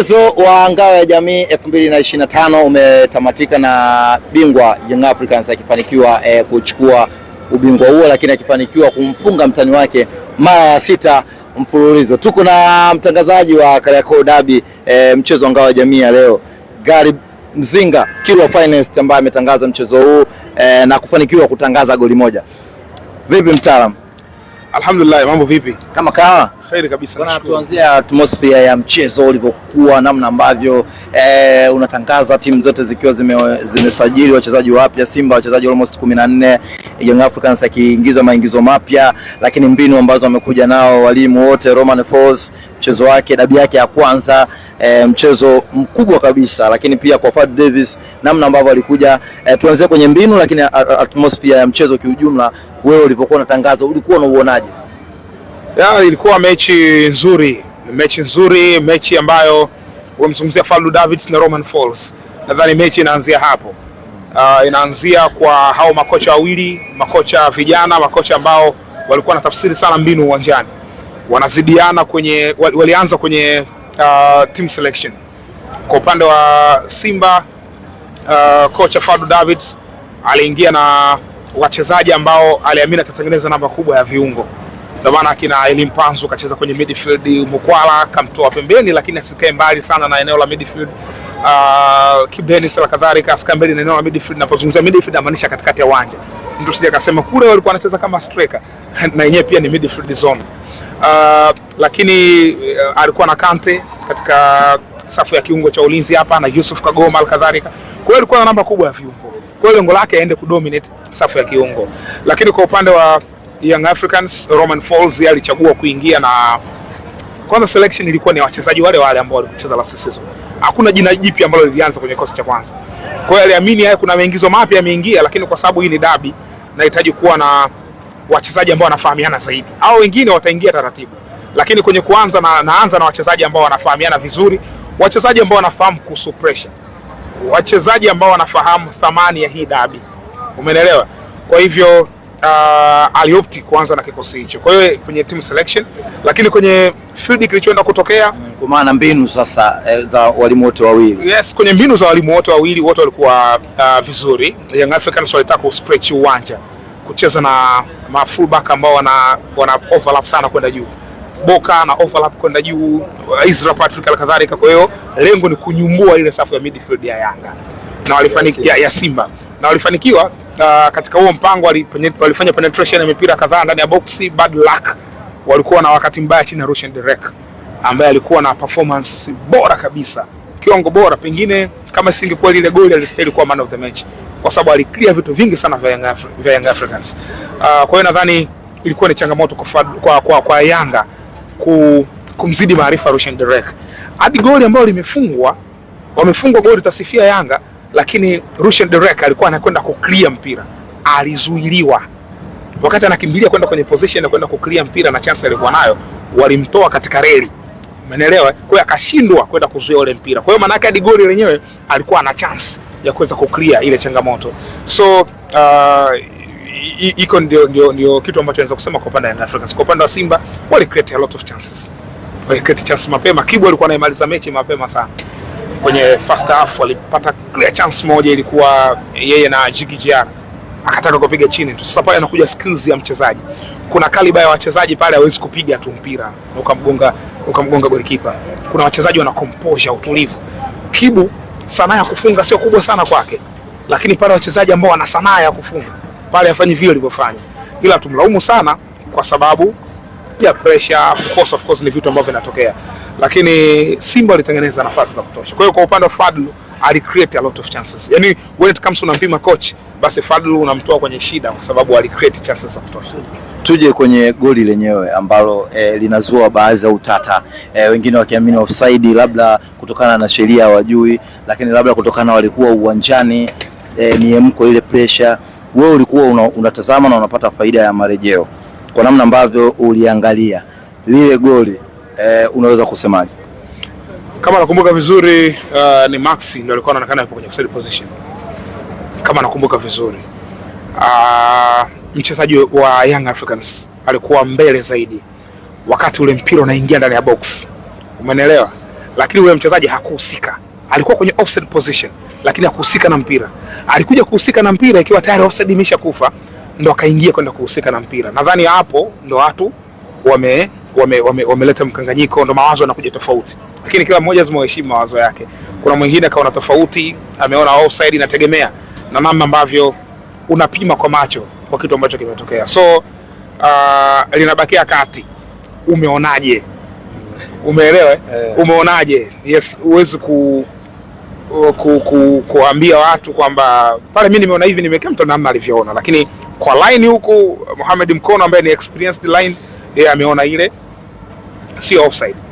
Mchezo wa ngao ya jamii 2025 umetamatika na bingwa Young Africans akifanikiwa eh, kuchukua ubingwa huo, lakini akifanikiwa kumfunga mtani wake mara ya sita mfululizo. Tuko na mtangazaji wa Kariakoo Derby eh, mchezo wa ngao ya jamii ya leo Garib Mzinga Kilwa Finance ambaye ametangaza mchezo huu eh, na kufanikiwa kutangaza goli moja. Vipi mtaalam? Alhamdulillah, mambo vipi? Kama kawa Kheri kabisa. Tuanzia atmosphere ya mchezo ulivyokuwa, namna ambavyo e, unatangaza timu zote zikiwa zimesajili zime wachezaji wapya, Simba wachezaji almost 14, Young Africans akiingizwa maingizo mapya, lakini mbinu ambazo wamekuja nao walimu wote, Roman Falls mchezo wake dabi yake ya kwanza e, mchezo mkubwa kabisa, lakini pia kwa Fad Davis namna ambavyo alikuja e, tuanzie kwenye mbinu, lakini atmosphere ya mchezo kiujumla, wewe ulivyokuwa unatangaza ulikuwa unauonaje? Ya, ilikuwa mechi nzuri, mechi nzuri, mechi ambayo umemzungumzia Faldu Davids na Roman Falls. Nadhani mechi inaanzia hapo. Uh, inaanzia kwa hao makocha wawili, makocha vijana, makocha ambao walikuwa na tafsiri sana mbinu uwanjani, wanazidiana kwenye, walianza kwenye uh, team selection kwa upande wa Simba uh, kocha Faldu Davids aliingia na wachezaji ambao aliamini atatengeneza namba kubwa ya viungo. Ndio maana akina Elim Panzu kacheza kwenye midfield, Mukwala kamtoa pembeni, lakini asikae mbali sana na eneo la midfield. Uh, ah, Kibu Denis na kadhalika asikae mbali na eneo la midfield. Napozungumzia midfield namaanisha katikati ya uwanja, mtu sija kasema kule walikuwa wanacheza kama striker na yenyewe pia ni midfield zone. Uh, lakini uh, alikuwa na Kante katika safu ya kiungo cha ulinzi hapa na Yusuf Kagoma alikadhalika. Kwa hiyo alikuwa na namba kubwa ya viungo, kwa hiyo lengo lake aende kudominate safu ya kiungo, lakini kwa upande wa Young Africans, Roman Falls yeye alichagua kuingia, na kwanza selection ilikuwa ni wachezaji wale wale ambao walicheza last season. Hakuna jina jipya ambalo lilianza kwenye kikosi cha kwanza. Kwa hiyo aliamini haya, kuna maingizo mapya yameingia, lakini kwa sababu hii ni dabi, nahitaji kuwa na wachezaji ambao wanafahamiana zaidi, au wengine wataingia taratibu, lakini kwenye kuanza na, naanza na wachezaji ambao wanafahamiana vizuri, wachezaji ambao wanafahamu kuhusu pressure, wachezaji ambao wanafahamu thamani ya hii dabi, umeelewa? Kwa hivyo uh, ah, aliopti kuanza na kikosi hicho, kwa hiyo kwenye team selection, lakini kwenye field kilichoenda kutokea mm, kwa maana mbinu sasa eh, za walimu wote wawili. Yes, kwenye mbinu za walimu wote wawili wote walikuwa uh, vizuri. Young Africans walitaka ku-stretch uwanja kucheza na ma fullback ambao wana, wana overlap sana kwenda juu Boka na overlap kwenda juu, Israel Patrick alikadhalika. Kwa hiyo lengo ni kunyumbua ile safu ya midfield ya Yanga na walifanikiwa, ya, ya Simba na walifanikiwa na katika huo mpango walifanya penetration ya mipira kadhaa ndani ya boxi. Bad luck walikuwa na wakati mbaya chini ya Roshan Derek ambaye alikuwa na performance bora kabisa, kiwango bora, pengine kama singekuwa lile goli alistahili kuwa man of the match kwa sababu aliclear vitu vingi sana vya Young, Afri vya Young Africans. Uh, kwa hiyo nadhani ilikuwa ni changamoto kwa, kwa, kwa, kwa Yanga ku, kumzidi maarifa Roshan Derek hadi goli ambayo limefungwa wamefungwa goli tasifia Yanga lakini Russian De alikuwa anakwenda clear mpira, alizuiliwa wakati anakimbilia kwenda kwenye position ya kwenda clear mpira na chance alikuwa nayo, walimtoa katika reli, umeelewa? Kwa hiyo akashindwa kwenda kuzuia ule mpira. Kwa hiyo maana yake hadi goli lenyewe alikuwa ana chance ya kuweza kuclear ile changamoto. So uh, iko ndio, ndio, ndio kitu ambacho naweza kusema kwa upande wa Africans. Kwa upande wa Simba wali create a lot of chances, wali create chance mapema. Kibu alikuwa anaimaliza mechi mapema sana kwenye first half walipata clear chance moja, ilikuwa yeye na Djigui akataka kupiga chini tu. Sasa pale anakuja skills ya mchezaji, kuna kaliba ya wachezaji pale, hawezi kupiga tu mpira na ukamgonga ukamgonga golikipa. Kuna wachezaji wana composure, utulivu. Kibu sanaa ya kufunga sio kubwa sana kwake, lakini pale wachezaji ambao wana sanaa ya kufunga pale afanye vile alivyofanya, ila tumlaumu sana kwa sababu yeah, pressure of course, of course ni vitu ambavyo vinatokea, lakini Simba alitengeneza nafasi za kutosha. Kwa hiyo kwa upande wa Fadlu ali create a lot of chances, yani when it comes unampima coach, basi Fadlu unamtoa kwenye shida, kwa sababu ali create chances za kutosha. Tuje kwenye goli lenyewe ambalo eh, linazua baadhi ya utata eh, wengine wakiamini offside, labda kutokana na sheria wajui, lakini labda kutokana walikuwa uwanjani eh, miemko ile pressure. Wewe ulikuwa unatazama una na unapata faida ya marejeo kwa namna ambavyo uliangalia lile goli e, unaweza kusemaje? Kama nakumbuka vizuri uh, ni Maxi ndio alikuwa anaonekana hapo kwenye offside position kama nakumbuka vizuri uh, mchezaji wa Young Africans alikuwa mbele zaidi wakati ule mpira unaingia ndani ya box, umeelewa? Lakini ule mchezaji hakuhusika, alikuwa kwenye offside position, lakini hakuhusika na mpira. Alikuja kuhusika na mpira ikiwa tayari offside imesha kufa ndo akaingia kwenda kuhusika na mpira. Nadhani hapo ndo watu wame wameleta wame, wame mkanganyiko, ndo mawazo yanakuja tofauti, lakini kila mmoja lazima aheshimu mawazo yake. Kuna mwingine akaona tofauti, ameona offside, inategemea na namna ambavyo unapima kwa macho kwa kitu ambacho kimetokea. So uh, linabakia kati, umeonaje? Umeelewa? Eh. Umeonaje? Yes, huwezi ku ku, ku, kuambia watu kwamba pale mimi nimeona hivi, nimekaa mtu namna alivyoona, lakini kwa line huku Mohamed Mkono ambaye ni experienced line, yeye ameona ile sio offside.